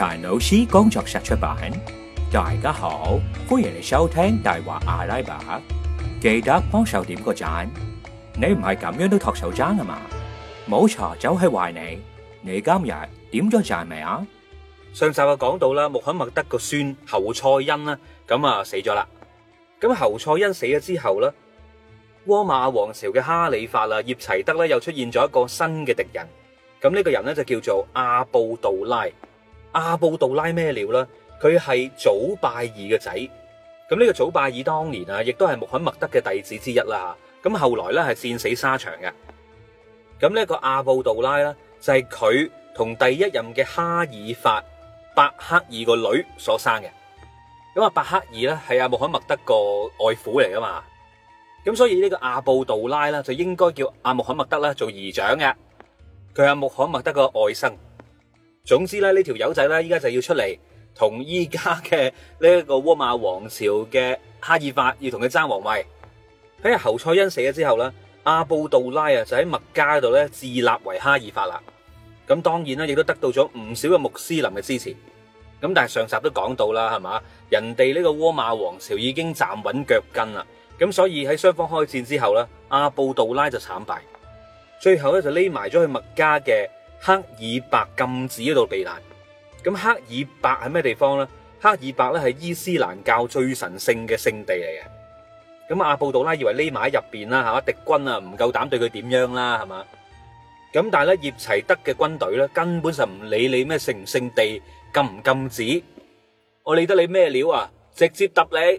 大老師工作室出版，大家好，歡迎來收聽《大話阿拉伯》。記得幫手點個讚，你唔係咁樣都托手踭啊嘛？冇錯，就係壞你。你今日點咗讚未啊？上集啊講到啦，穆罕默德個孫侯賽恩啦，咁啊死咗啦。咁侯賽恩死咗之後咧，倭馬王朝嘅哈里發啊葉齊德咧又出現咗一個新嘅敵人。咁呢個人咧就叫做阿布杜拉。阿布杜拉咩料呢？佢係祖拜爾嘅仔，咁呢個祖拜爾當年啊，亦都係穆罕默德嘅弟子之一啦。咁後來咧係戰死沙場嘅。咁呢個阿布杜拉呢，就係佢同第一任嘅哈爾法·伯克爾個女所生嘅。咁啊，伯克爾咧係阿穆罕默德個外父嚟噶嘛？咁所以呢個阿布杜拉呢，就應該叫阿穆罕默德做姨丈嘅，佢係阿穆罕默德個外甥。總之咧，呢條友仔咧，依家就要出嚟同依家嘅呢一個倭馬王朝嘅哈爾法要同佢爭皇位。喺侯賽恩死咗之後咧，阿布杜拉啊就喺麥加嗰度咧自立為哈爾法啦。咁當然呢，亦都得到咗唔少嘅穆斯林嘅支持。咁但係上集都講到啦，係嘛？人哋呢個倭馬王朝已經站穩腳跟啦。咁所以喺雙方開戰之後咧，阿布杜拉就慘敗，最後咧就匿埋咗去麥加嘅。克爾白禁止嗰度避難，咁克爾白係咩地方咧？克爾白咧係伊斯蘭教最神聖嘅聖地嚟嘅，咁阿布杜拉以為匿埋喺入邊啦，吓敵軍啊唔夠膽對佢點樣啦，係嘛？咁但係咧葉齊德嘅軍隊咧，根本就唔理你咩聖唔聖地禁唔禁止，我理得你咩料啊？直接揼你，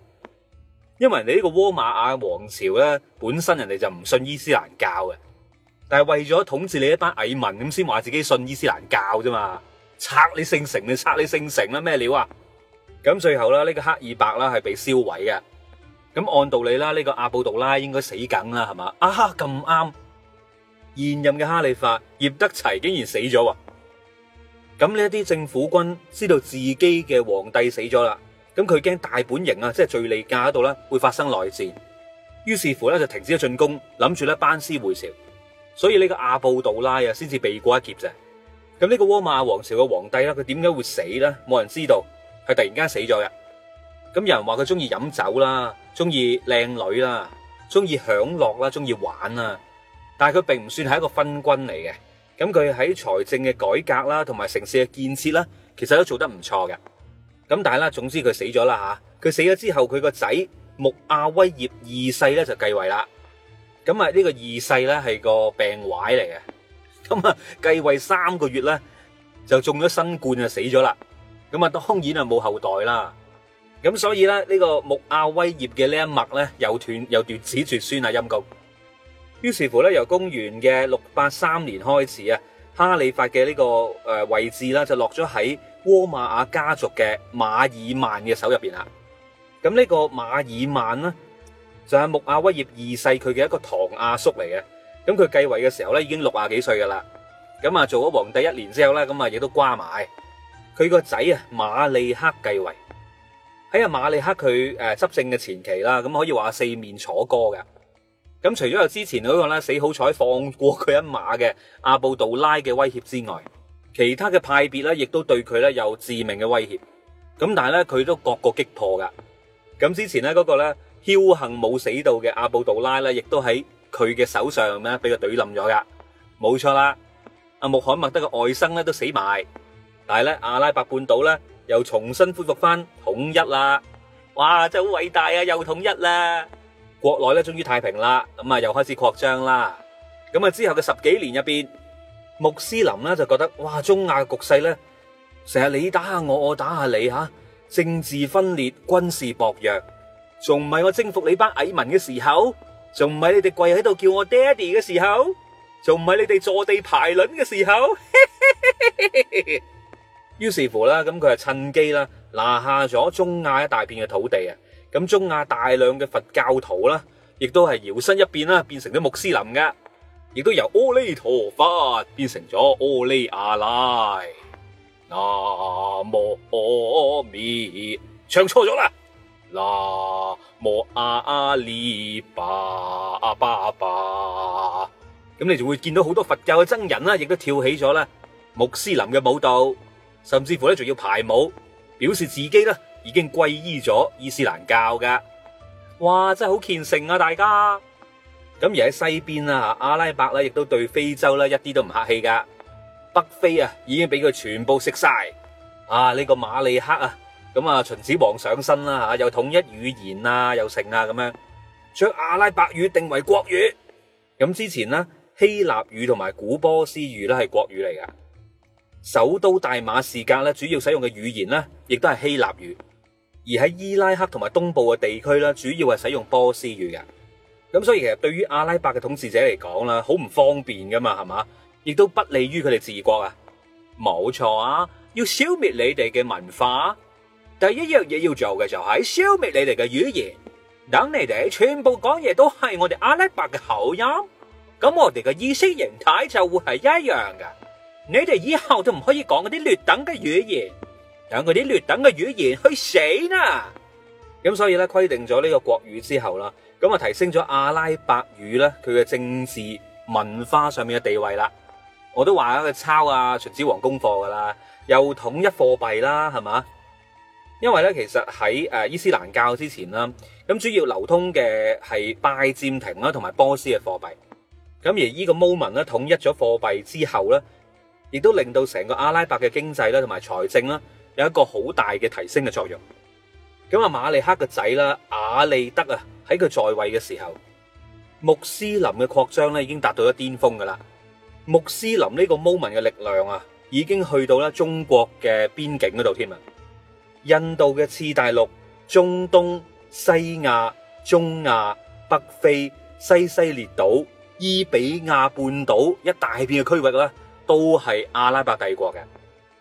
因為你呢個倭馬亞王朝咧，本身人哋就唔信伊斯蘭教嘅。但係為咗統治你一班蟻民，咁先話自己信伊斯蘭教啫嘛？拆你聖城，你拆你聖城啦，咩料啊？咁最後啦，呢個克爾白啦係被燒毀嘅。咁按道理啦，呢個阿布杜拉應該死緊啦，係嘛？啊，咁啱現任嘅哈里發葉德齊竟然死咗喎！咁呢一啲政府軍知道自己嘅皇帝死咗啦，咁佢驚大本營啊，即係敘利亞嗰度咧會發生內戰，於是乎咧就停止咗進攻，諗住咧班師回朝。所以呢個阿布杜拉呀，先至避過一劫啫。咁呢個倭馬亞王朝嘅皇帝啦，佢點解會死咧？冇人知道，佢突然間死咗嘅。咁有人話佢中意飲酒啦，中意靚女啦，中意享樂啦，中意玩啊。但係佢並唔算係一個昏君嚟嘅。咁佢喺財政嘅改革啦，同埋城市嘅建設啦，其實都做得唔錯嘅。咁但係啦，總之佢死咗啦吓。佢死咗之後，佢個仔穆阿威葉二世咧就繼位啦。咁啊，呢個二世咧，係個病壞嚟嘅。咁啊繼位三個月咧就中咗新冠就死咗啦，咁啊當然啊冇後代啦，咁所以咧呢個穆阿威葉嘅呢一脈咧又斷又斷子絕孫啊陰功，於是乎咧由公元嘅六八三年開始啊，哈里發嘅呢個誒位置啦就落咗喺倭馬亞家族嘅馬爾曼嘅手入邊啦，咁呢個馬爾曼呢？就係穆阿威葉二世佢嘅一個堂阿叔嚟嘅，咁佢繼位嘅時候咧已經六廿幾歲噶啦，咁啊做咗皇帝一年之後咧，咁啊亦都瓜埋，佢個仔啊馬利克繼位。喺阿馬利克佢誒執政嘅前期啦，咁可以話四面楚歌㗎。咁除咗有之前嗰個咧死好彩放過佢一馬嘅阿布杜拉嘅威脅之外，其他嘅派別咧亦都對佢咧有致命嘅威脅，咁但係咧佢都各個擊破噶，咁之前咧嗰個咧。僥幸冇死到嘅阿布杜拉咧，亦都喺佢嘅手上咧，俾佢懟冧咗噶，冇錯啦。阿穆罕默德嘅外甥咧都死埋，但係咧阿拉伯半島咧又重新恢復翻統一啦。哇，真係好偉大啊，又統一啦，國內咧終於太平啦，咁啊又開始擴張啦。咁啊之後嘅十幾年入邊，穆斯林咧就覺得哇，中亞嘅局勢咧成日你打下我，我打下你吓，政治分裂，軍事薄弱。仲唔係我征服你班蟻民嘅時候，仲唔係你哋跪喺度叫我爹哋嘅時候，仲唔係你哋坐地排卵嘅時候？於是乎啦，咁佢係趁機啦，拿下咗中亞一大片嘅土地啊！咁中亞大量嘅佛教徒啦，亦都係搖身一變啦，變成咗穆斯林嘅，亦都由阿彌陀佛變成咗阿彌阿拉。南無阿彌，唱錯咗啦，南。摩阿阿里巴阿巴阿巴，咁、啊、你就會見到好多佛教嘅僧人啦、啊，亦都跳起咗啦，穆斯林嘅舞蹈，甚至乎咧仲要排舞，表示自己咧已經皈依咗伊斯蘭教噶。哇，真係好虔誠啊，大家。咁而喺西邊啊阿拉伯咧、啊、亦都對非洲咧一啲都唔客氣噶，北非啊已經俾佢全部食晒啊呢、呢個馬利克啊。咁啊，秦始皇上身啦吓，又統一語言啊，又成啊，咁樣將阿拉伯語定為國語。咁之前呢，希臘語同埋古波斯語咧係國語嚟㗎。首都大馬士革咧，主要使用嘅語言咧亦都係希臘語，而喺伊拉克同埋東部嘅地區咧，主要係使用波斯語嘅。咁所以其實對於阿拉伯嘅統治者嚟講啦，好唔方便噶嘛，係嘛，亦都不利於佢哋治國啊。冇錯啊，要消滅你哋嘅文化。第一樣嘢要做嘅就係消滅你哋嘅語言，等你哋全部講嘢都係我哋阿拉伯嘅口音，咁我哋嘅意識形態就會係一樣㗎。你哋以後都唔可以講嗰啲劣等嘅語言，等嗰啲劣等嘅語言去死啦！咁所以咧，規定咗呢個國語之後啦，咁啊提升咗阿拉伯語咧，佢嘅政治文化上面嘅地位啦。我都話啦，佢抄阿秦始皇功課噶啦，又統一貨幣啦，係嘛？因為咧，其實喺誒伊斯蘭教之前啦，咁主要流通嘅係拜占庭啦，同埋波斯嘅貨幣。咁而呢個 moment 咧，統一咗貨幣之後咧，亦都令到成個阿拉伯嘅經濟啦，同埋財政啦，有一個好大嘅提升嘅作用。咁啊，馬利克嘅仔啦，瓦利德啊，喺佢在位嘅時候，穆斯林嘅擴張咧已經達到咗巔峰噶啦。穆斯林呢個 moment 嘅力量啊，已經去到咧中國嘅邊境嗰度添啊。印度嘅次大陸、中東、西亞、中亞、北非、西西列島、伊比亞半島一大片嘅區域咧，都係阿拉伯帝國嘅，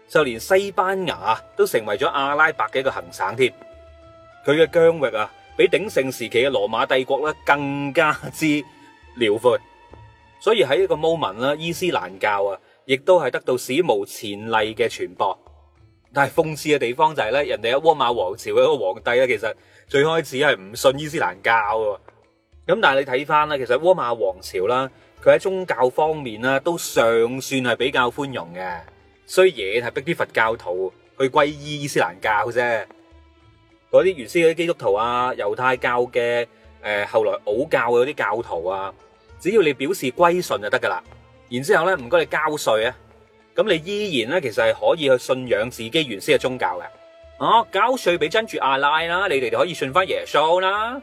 就連西班牙都成為咗阿拉伯嘅一個行省添。佢嘅疆域啊，比鼎盛時期嘅羅馬帝國咧更加之遼闊，所以喺呢個 moment 啦，伊斯蘭教啊，亦都係得到史無前例嘅傳播。但係諷刺嘅地方就係咧，人哋喺倭馬王朝嘅一個皇帝咧，其實最開始係唔信伊斯蘭教嘅。咁但係你睇翻咧，其實倭馬王朝啦，佢喺宗教方面咧都尚算係比較寬容嘅，雖然係逼啲佛教徒去皈依伊斯蘭教啫。嗰啲原先啲基督徒啊、猶太教嘅誒後來奧教嘅嗰啲教徒啊，只要你表示歸順就得噶啦，然之後咧唔該你交稅啊。咁你依然咧，其實係可以去信仰自己原先嘅宗教嘅。哦，交稅俾真主阿拉啦，你哋就可以信翻耶穌啦，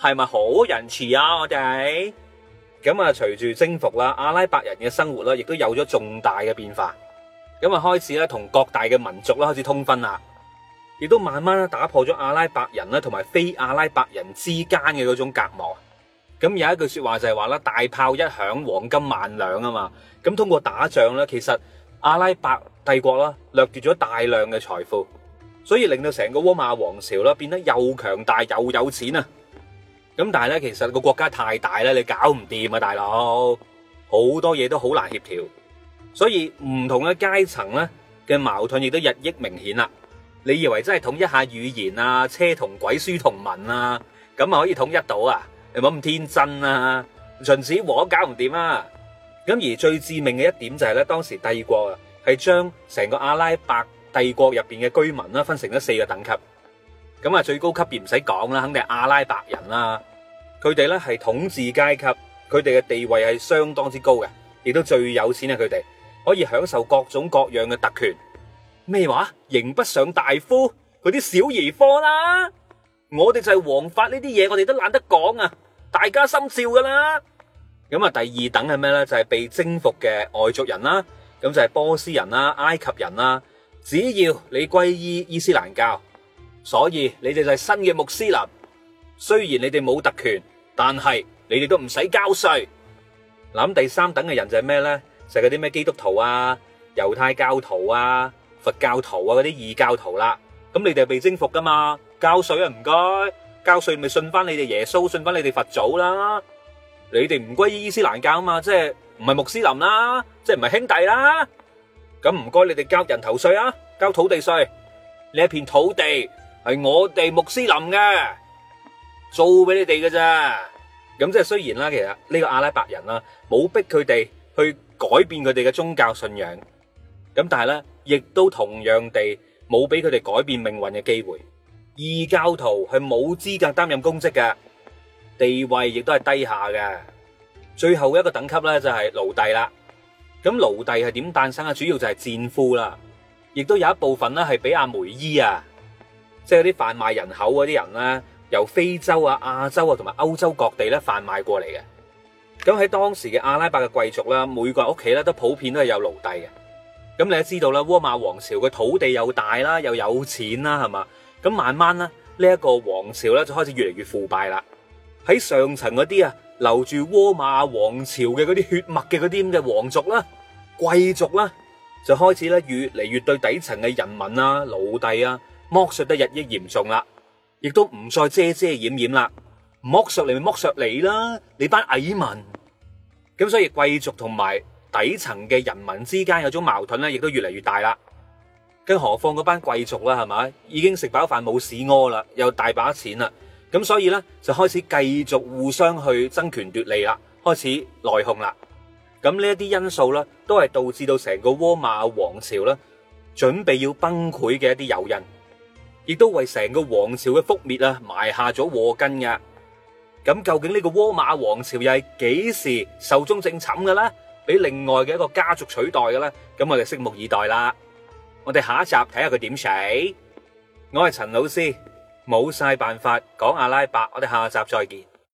係咪好仁慈啊？我哋咁啊，隨住征服啦，阿拉伯人嘅生活啦，亦都有咗重大嘅變化。咁啊，開始咧同各大嘅民族啦開始通婚啦，亦都慢慢打破咗阿拉伯人啦同埋非阿拉伯人之間嘅嗰種隔膜。咁有一句說話就係話啦，大炮一響，黃金萬兩啊嘛！咁通過打仗咧，其實阿拉伯帝國啦掠奪咗大量嘅財富，所以令到成個沃馬王朝啦變得又強大又有錢啊！咁但係咧，其實個國家太大啦，你搞唔掂啊，大佬好多嘢都好難協調，所以唔同嘅階層咧嘅矛盾亦都日益明顯啦。你以為真係統一一下語言啊，車同軌，書同文啊，咁啊可以統一到啊？你冇咁天真啊，秦始皇搞唔掂啊！咁而最致命嘅一點就係、是、咧，當時帝國啊，係將成個阿拉伯帝國入邊嘅居民啦分成咗四個等級，咁啊最高級別唔使講啦，肯定係阿拉伯人啦，佢哋咧係統治階級，佢哋嘅地位係相當之高嘅，亦都最有錢啊！佢哋可以享受各種各樣嘅特權，咩話？刑不上大夫，嗰啲小兒科啦！我哋就係王法呢啲嘢，我哋都懶得講啊，大家心照噶啦。咁啊，第二等係咩咧？就係被征服嘅外族人啦，咁就係波斯人啦、埃及人啦。只要你歸依伊斯蘭教，所以你哋就係新嘅穆斯林。雖然你哋冇特權，但係你哋都唔使交稅。諗第三等嘅人就係咩咧？就係嗰啲咩基督徒啊、猶太教徒啊、佛教徒啊嗰啲異教徒啦。咁你哋係被征服噶嘛。交稅啊，唔該，交稅咪信翻你哋耶穌，信翻你哋佛祖啦。你哋唔歸依伊斯蘭教啊嘛，即係唔係穆斯林啦，即係唔係兄弟啦。咁唔該，你哋交人頭稅啊，交土地稅。呢一片土地係我哋穆斯林嘅租俾你哋嘅咋。咁即係雖然啦，其實呢個阿拉伯人啦，冇逼佢哋去改變佢哋嘅宗教信仰。咁但係咧，亦都同樣地冇俾佢哋改變命運嘅機會。異教徒係冇資格擔任公職嘅，地位亦都係低下嘅。最後一個等級咧就係奴隸啦。咁奴隸係點誕生呀？主要就係戰俘啦，亦都有一部分咧係俾阿梅伊啊，即係啲販賣人口嗰啲人啦，由非洲啊、亞洲啊同埋歐洲各地咧販賣過嚟嘅。咁喺當時嘅阿拉伯嘅貴族啦，每個屋企咧都普遍都係有奴隸嘅。咁你都知道啦，倭馬王朝嘅土地又大啦，又有錢啦，係嘛？咁慢慢咧，呢一個皇朝咧就開始越嚟越腐敗啦。喺上層嗰啲啊，留住倭馬皇朝嘅嗰啲血脈嘅嗰啲咁嘅皇族啦、貴族啦，就開始咧越嚟越對底層嘅人民啊、奴隸啊，剝削得日益嚴重啦，亦都唔再遮遮掩掩啦，剝削你咪剝削你啦，你班蟻民。咁所以，貴族同埋底層嘅人民之間有種矛盾咧，亦都越嚟越大啦。更何況嗰班貴族啦，係咪，已經食飽飯冇屎屙啦，又大把錢啦，咁所以咧就開始繼續互相去爭權奪利啦，開始內訌啦。咁呢一啲因素咧，都係導致到成個倭馬王朝咧準備要崩潰嘅一啲誘因，亦都為成個王朝嘅覆滅啊埋下咗禍根嘅。咁究竟呢個倭馬王朝又係幾時壽終正寢嘅咧？俾另外嘅一個家族取代嘅咧？咁我哋拭目以待啦。我哋下一集睇下佢點死，我係陳老師，冇晒辦法講阿拉伯，我哋下一集再見。